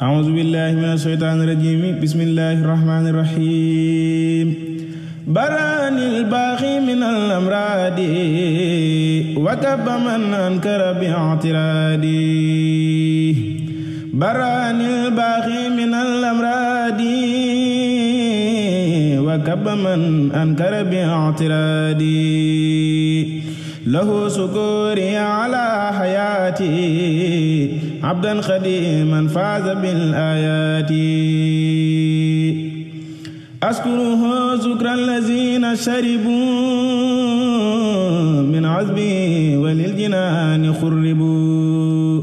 أعوذ بالله من الشيطان الرجيم بسم الله الرحمن الرحيم بران الباغي من الأمراض وكب من أنكر باعترادي بران الباغي من الأمراض وكب من أنكر باعترادي له سكوري على حياتي عبدا خديما فاز بالآيات أشكره شكر الذين شربوا من عذبي وللجنان خربوا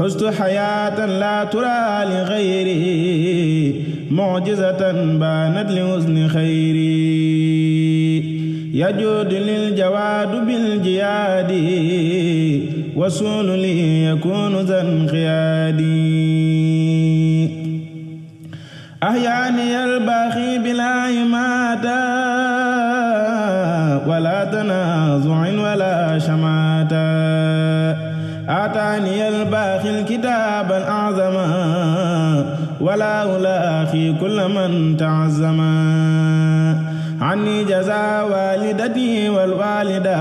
حزت حياة لا ترى لغيري معجزة بانت لحزن خيري يجود للجواد بالجياد وصول لي يكون ذا انقيادي أحياني الباخي بلا يماتا ولا تنازع ولا شماتا أعطاني الباخي الكتاب الأعظم ولا ألاخي كل من تعزما anni jaza walidati wal walida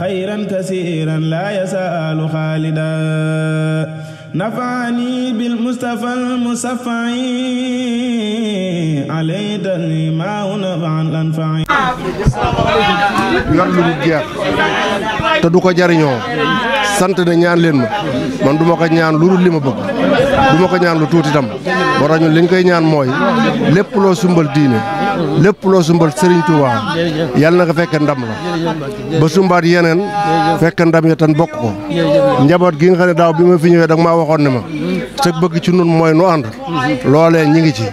xayran kasiran la yasalu xaalida nafaani bil mustafa al musafai alaytani ma nafa al anfai yor lu jeex te du ko jariñoo sant ne ñaan leen ma man du ko ñaan lu dul li ma bëgg du ma ko ñaan lu tuuti tam moo tax koy ñaan mooy lépp loo sumbal diine lépp loo sumbal Serigne Touba yàlla na nga fekk ndam la ba sumbaat yeneen fekk ndam ya tan bokk ko njaboot gi nga xam ne daaw bi ma fi ñëwee da maa waxoon ne ma sa bëgg ci nun mooy nu ànd loolee ñi ngi ci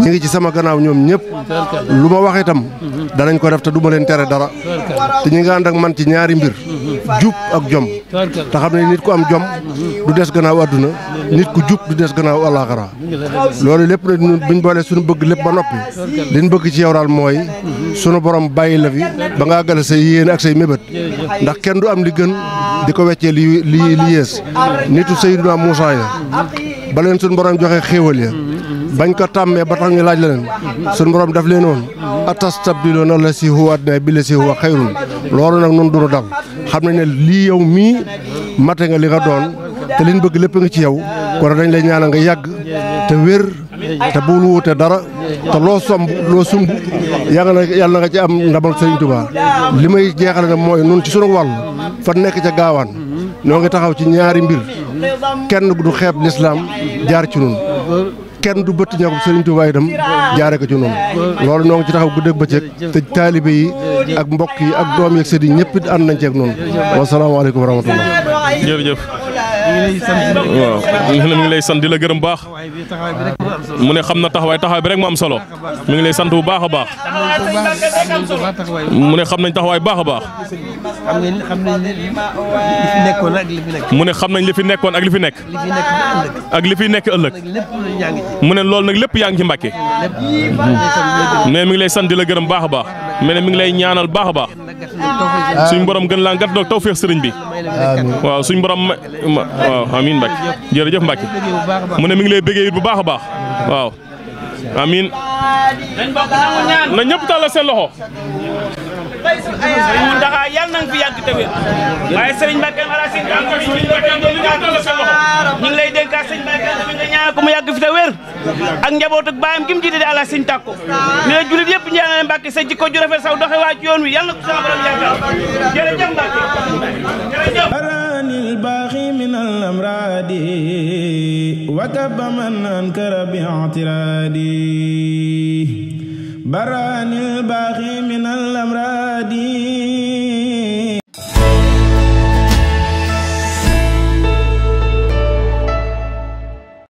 ñi ngi ci sama gannaaw ñoom ñëpp lu ma wax itam danañ ko def te du ma leen tere dara te ñi nga ànd ak man ci ñaari mbir jub ak jom te xam ne nit ku am jom du des gannaaw àdduna nit ku jub du des gannaaw àllaaxira loolu lépp nag ñun buñ boolee suñu bëgg lépp ba noppi liñ bëgg ci yow mooy sunu borom bàyyi la fi ba ngaa gale say yéen ak say mébét ndax kenn du am li gën di ko weccee li li li yées nitu Seydina Muusaa ya ba leen suñu borom joxe xéewal ya bañ ko tàmmee ba tax ñu laaj la leen suñu borom daf leen woon atastabdiluuna llazii huwa adnaa billazii huwa xayrun loolu nag nun dunu dal xam nañ ne lii yow mii mate nga li nga doon te liñ bëgg lépp nga ci yow kon dañ lay ñaana nga yàgg te wér te bul wuute dara te loo somb loo sumb yàlla na yàlla nga ci am ndamal Sëriñ Tuubaa li may jeexale na mooy nun ci sunu wàll fa nekk ca gaawaan noo ngi taxaw ci ñaari mbir kenn du xeeb lislaam jaar ci nun kenn du bëtt ñàkkum Serigne Touba dam jaare ko ci noonu loolu noo ngi ci taxaw guddeeg bëccëg te taalibe yi ak mbokk yi ak doom yi ak sëriñ ñëpp ànd nañ ci ak noonu wasalaamaaleykum wa rahmatullah jërëjëf waaw nee na mi ngi lay sant di la gërëm baax mu ne xam na taxawaay taxawaay bi rek am solo mi ngi lay sant bu baax a baax mu ne xam nañ taxawaay baax a baax mu ne xam nañ li fi nekkoon ak li fi nekk ak li fi nekk ëllëg mu ne loolu nag lépp yaa ngi ci Mbàkke ne mi ngi lay sant di la gërëm baax a baax mu ne mi ngi lay ñaanal baax a baax Ah. suñ borom gën laa gàtt doog tawféex sëriñ bi waaw suñ borom waaw amiin Mbacke jërëjëf Mbacke mu ne mi ngi lay bëggee it bu baax a baax waaw amiin na ñëpp tàllal seen loxo. sëriñ Mountakha yàlla na nga fi yàgg te wér ñu ngi gi lay jullit yëpp ñaanal Mbacké sa jikko ju rafet saw doxe waa ci min al amradi wa man ankara bi i'tiradi baranil